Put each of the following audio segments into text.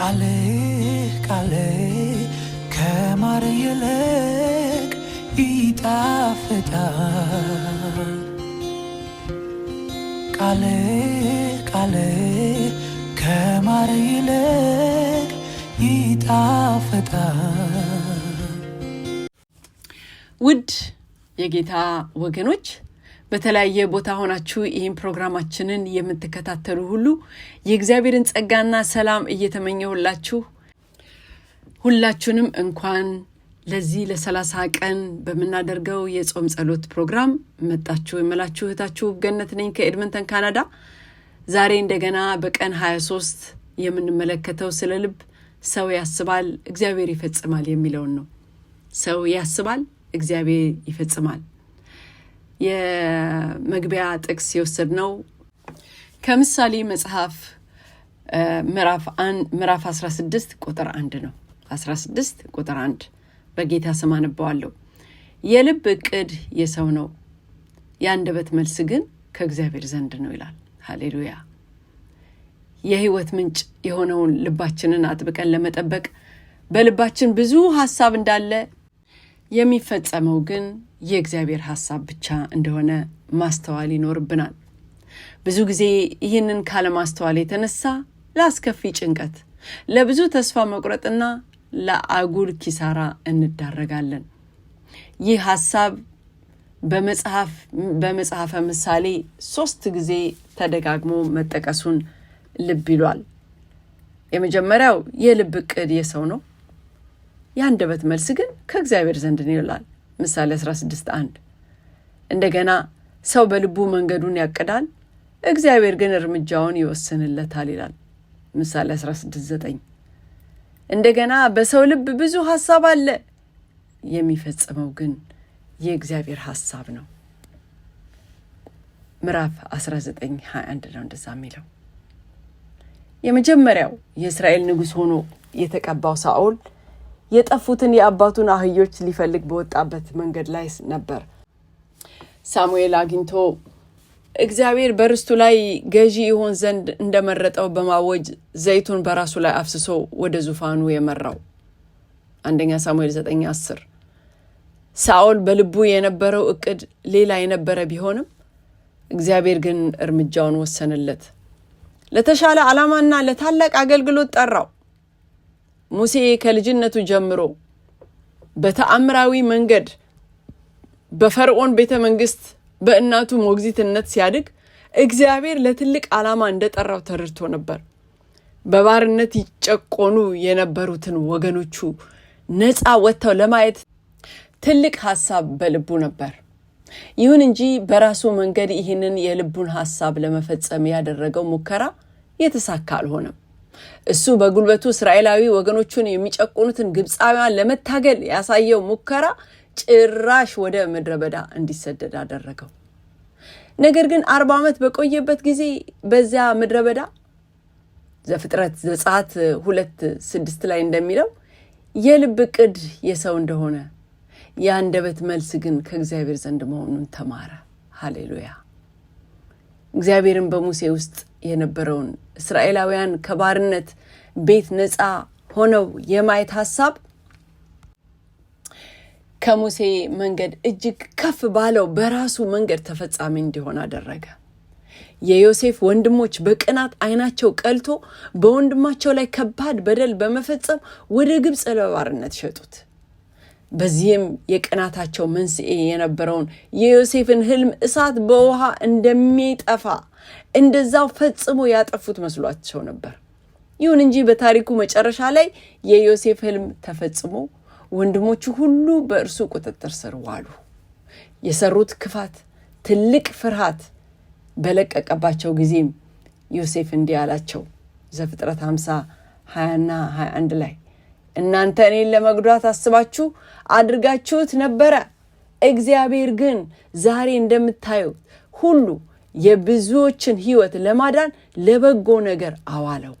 ቃሌ ቃሌ ከማር ይልቅ ይጣፍጣል። ቃሌ ቃሌ ከማር ይልቅ ይጣፍጣል። ውድ የጌታ ወገኖች በተለያየ ቦታ ሆናችሁ ይህን ፕሮግራማችንን የምትከታተሉ ሁሉ የእግዚአብሔርን ጸጋና ሰላም እየተመኘሁላችሁ ሁላችሁንም እንኳን ለዚህ ለሰላሳ ቀን በምናደርገው የጾም ጸሎት ፕሮግራም መጣችሁ የመላችሁ እህታችሁ ገነት ነኝ ከኤድመንተን ካናዳ። ዛሬ እንደገና በቀን 23 የምንመለከተው ስለ ልብ ሰው ያስባል እግዚአብሔር ይፈጽማል የሚለውን ነው። ሰው ያስባል እግዚአብሔር ይፈጽማል። የመግቢያ ጥቅስ ነው። ከምሳሌ መጽሐፍ ምዕራፍ 16 ቁጥር አንድ ነው። 16 ቁጥር አንድ በጌታ ስም አነባዋለሁ። የልብ እቅድ የሰው ነው፣ የአንደበት መልስ ግን ከእግዚአብሔር ዘንድ ነው ይላል። ሃሌሉያ! የህይወት ምንጭ የሆነውን ልባችንን አጥብቀን ለመጠበቅ በልባችን ብዙ ሀሳብ እንዳለ የሚፈጸመው ግን የእግዚአብሔር ሀሳብ ብቻ እንደሆነ ማስተዋል ይኖርብናል። ብዙ ጊዜ ይህንን ካለማስተዋል የተነሳ ለአስከፊ ጭንቀት፣ ለብዙ ተስፋ መቁረጥና ለአጉል ኪሳራ እንዳረጋለን። ይህ ሀሳብ በመጽሐፍ በመጽሐፈ ምሳሌ ሶስት ጊዜ ተደጋግሞ መጠቀሱን ልብ ይሏል። የመጀመሪያው የልብ እቅድ የሰው ነው፣ የአንደበት መልስ ግን ከእግዚአብሔር ዘንድ ነው ይላል። ምሳሌ 16 1 እንደገና ሰው በልቡ መንገዱን ያቅዳል፣ እግዚአብሔር ግን እርምጃውን ይወስንለታል ይላል። ምሳሌ 16 9 እንደገና በሰው ልብ ብዙ ሐሳብ አለ፣ የሚፈጽመው ግን የእግዚአብሔር ሐሳብ ነው። ምዕራፍ 19 21 ነው እንደዛ የሚለው። የመጀመሪያው የእስራኤል ንጉሥ ሆኖ የተቀባው ሳኦል የጠፉትን የአባቱን አህዮች ሊፈልግ በወጣበት መንገድ ላይ ነበር። ሳሙኤል አግኝቶ እግዚአብሔር በርስቱ ላይ ገዢ ይሆን ዘንድ እንደመረጠው በማወጅ ዘይቱን በራሱ ላይ አፍስሶ ወደ ዙፋኑ የመራው አንደኛ ሳሙኤል ዘጠኝ 10 ሳኦል በልቡ የነበረው እቅድ ሌላ የነበረ ቢሆንም እግዚአብሔር ግን እርምጃውን ወሰንለት። ለተሻለ ዓላማና ለታላቅ አገልግሎት ጠራው። ሙሴ ከልጅነቱ ጀምሮ በተአምራዊ መንገድ በፈርዖን ቤተ መንግስት በእናቱ ሞግዚትነት ሲያድግ እግዚአብሔር ለትልቅ ዓላማ እንደጠራው ተረድቶ ነበር። በባርነት ይጨቆኑ የነበሩትን ወገኖቹ ነፃ ወጥተው ለማየት ትልቅ ሀሳብ በልቡ ነበር። ይሁን እንጂ በራሱ መንገድ ይህንን የልቡን ሀሳብ ለመፈጸም ያደረገው ሙከራ የተሳካ አልሆነም። እሱ በጉልበቱ እስራኤላዊ ወገኖቹን የሚጨቁኑትን ግብፃውያን ለመታገል ያሳየው ሙከራ ጭራሽ ወደ ምድረ በዳ እንዲሰደድ አደረገው። ነገር ግን አርባ ዓመት በቆየበት ጊዜ በዚያ ምድረ በዳ ዘፍጥረት ዘጸአት ሁለት ስድስት ላይ እንደሚለው የልብ ቅድ የሰው እንደሆነ የአንደበት መልስ ግን ከእግዚአብሔር ዘንድ መሆኑን ተማረ። ሃሌሉያ! እግዚአብሔርን በሙሴ ውስጥ የነበረውን እስራኤላውያን ከባርነት ቤት ነፃ ሆነው የማየት ሀሳብ ከሙሴ መንገድ እጅግ ከፍ ባለው በራሱ መንገድ ተፈጻሚ እንዲሆን አደረገ። የዮሴፍ ወንድሞች በቅናት ዓይናቸው ቀልቶ በወንድማቸው ላይ ከባድ በደል በመፈጸም ወደ ግብፅ ለባርነት ሸጡት። በዚህም የቅናታቸው መንስኤ የነበረውን የዮሴፍን ህልም እሳት በውሃ እንደሚጠፋ እንደዛው ፈጽሞ ያጠፉት መስሏቸው ነበር። ይሁን እንጂ በታሪኩ መጨረሻ ላይ የዮሴፍ ህልም ተፈጽሞ ወንድሞቹ ሁሉ በእርሱ ቁጥጥር ስር ዋሉ። የሰሩት ክፋት፣ ትልቅ ፍርሃት በለቀቀባቸው ጊዜም ዮሴፍ እንዲህ አላቸው። ዘፍጥረት 50 20ና 21 ላይ እናንተ እኔን ለመጉዳት አስባችሁ አድርጋችሁት ነበረ። እግዚአብሔር ግን ዛሬ እንደምታዩት ሁሉ የብዙዎችን ሕይወት ለማዳን ለበጎ ነገር አዋለው።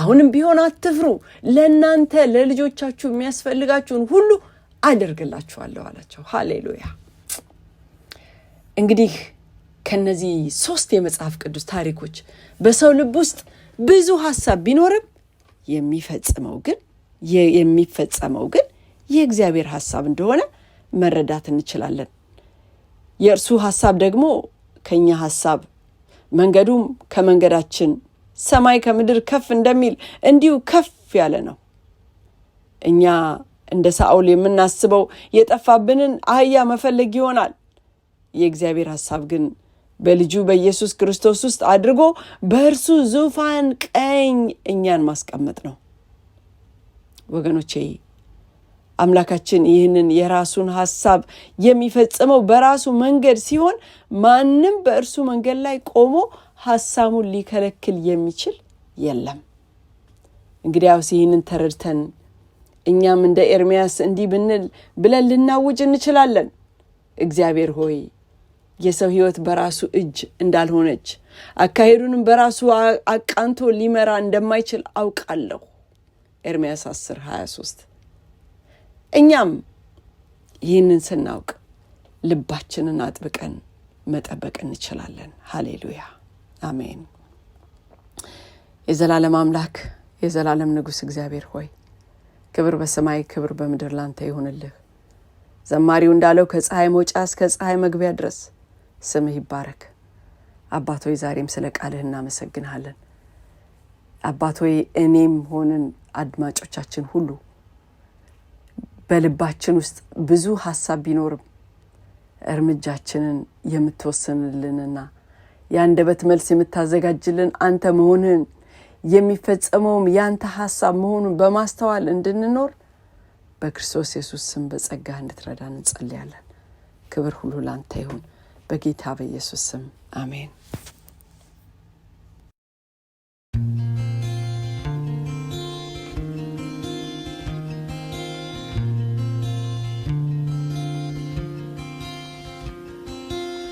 አሁንም ቢሆን አትፍሩ፣ ለእናንተ ለልጆቻችሁ የሚያስፈልጋችሁን ሁሉ አደርግላችኋለሁ አላቸው። ሃሌሉያ። እንግዲህ ከነዚህ ሶስት የመጽሐፍ ቅዱስ ታሪኮች በሰው ልብ ውስጥ ብዙ ሀሳብ ቢኖርም የሚፈጽመው ግን የሚፈጸመው ግን የእግዚአብሔር ሀሳብ እንደሆነ መረዳት እንችላለን። የእርሱ ሀሳብ ደግሞ ከኛ ሀሳብ መንገዱም ከመንገዳችን ሰማይ ከምድር ከፍ እንደሚል እንዲሁ ከፍ ያለ ነው። እኛ እንደ ሳኦል የምናስበው የጠፋብንን አህያ መፈለግ ይሆናል። የእግዚአብሔር ሀሳብ ግን በልጁ በኢየሱስ ክርስቶስ ውስጥ አድርጎ በእርሱ ዙፋን ቀኝ እኛን ማስቀመጥ ነው። ወገኖቼ አምላካችን ይህንን የራሱን ሀሳብ የሚፈጽመው በራሱ መንገድ ሲሆን ማንም በእርሱ መንገድ ላይ ቆሞ ሀሳቡን ሊከለክል የሚችል የለም። እንግዲያውስ ይህንን ተረድተን እኛም እንደ ኤርምያስ እንዲህ ብንል ብለን ልናውጅ እንችላለን። እግዚአብሔር ሆይ የሰው ሕይወት በራሱ እጅ እንዳልሆነች፣ አካሄዱንም በራሱ አቃንቶ ሊመራ እንደማይችል አውቃለሁ ኤርምያስ 10 23 እኛም ይህንን ስናውቅ ልባችንን አጥብቀን መጠበቅ እንችላለን። ሀሌሉያ አሜን። የዘላለም አምላክ የዘላለም ንጉሥ እግዚአብሔር ሆይ ክብር በሰማይ ክብር በምድር ላንተ ይሁንልህ። ዘማሪው እንዳለው ከፀሐይ መውጫ እስከ ፀሐይ መግቢያ ድረስ ስምህ ይባረክ። አባቶች ዛሬም ስለ ቃልህ እናመሰግንሃለን። ወይ እኔም ሆንን አድማጮቻችን ሁሉ በልባችን ውስጥ ብዙ ሀሳብ ቢኖርም እርምጃችንን የምትወስንልንና የአንደበት መልስ የምታዘጋጅልን አንተ መሆንህን የሚፈጸመውም ያንተ ሀሳብ መሆኑን በማስተዋል እንድንኖር በክርስቶስ ኢየሱስ ስም በጸጋ እንድትረዳን እንጸልያለን። ክብር ሁሉ ላንተ ይሁን፣ በጌታ በኢየሱስ ስም አሜን።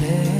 Valley.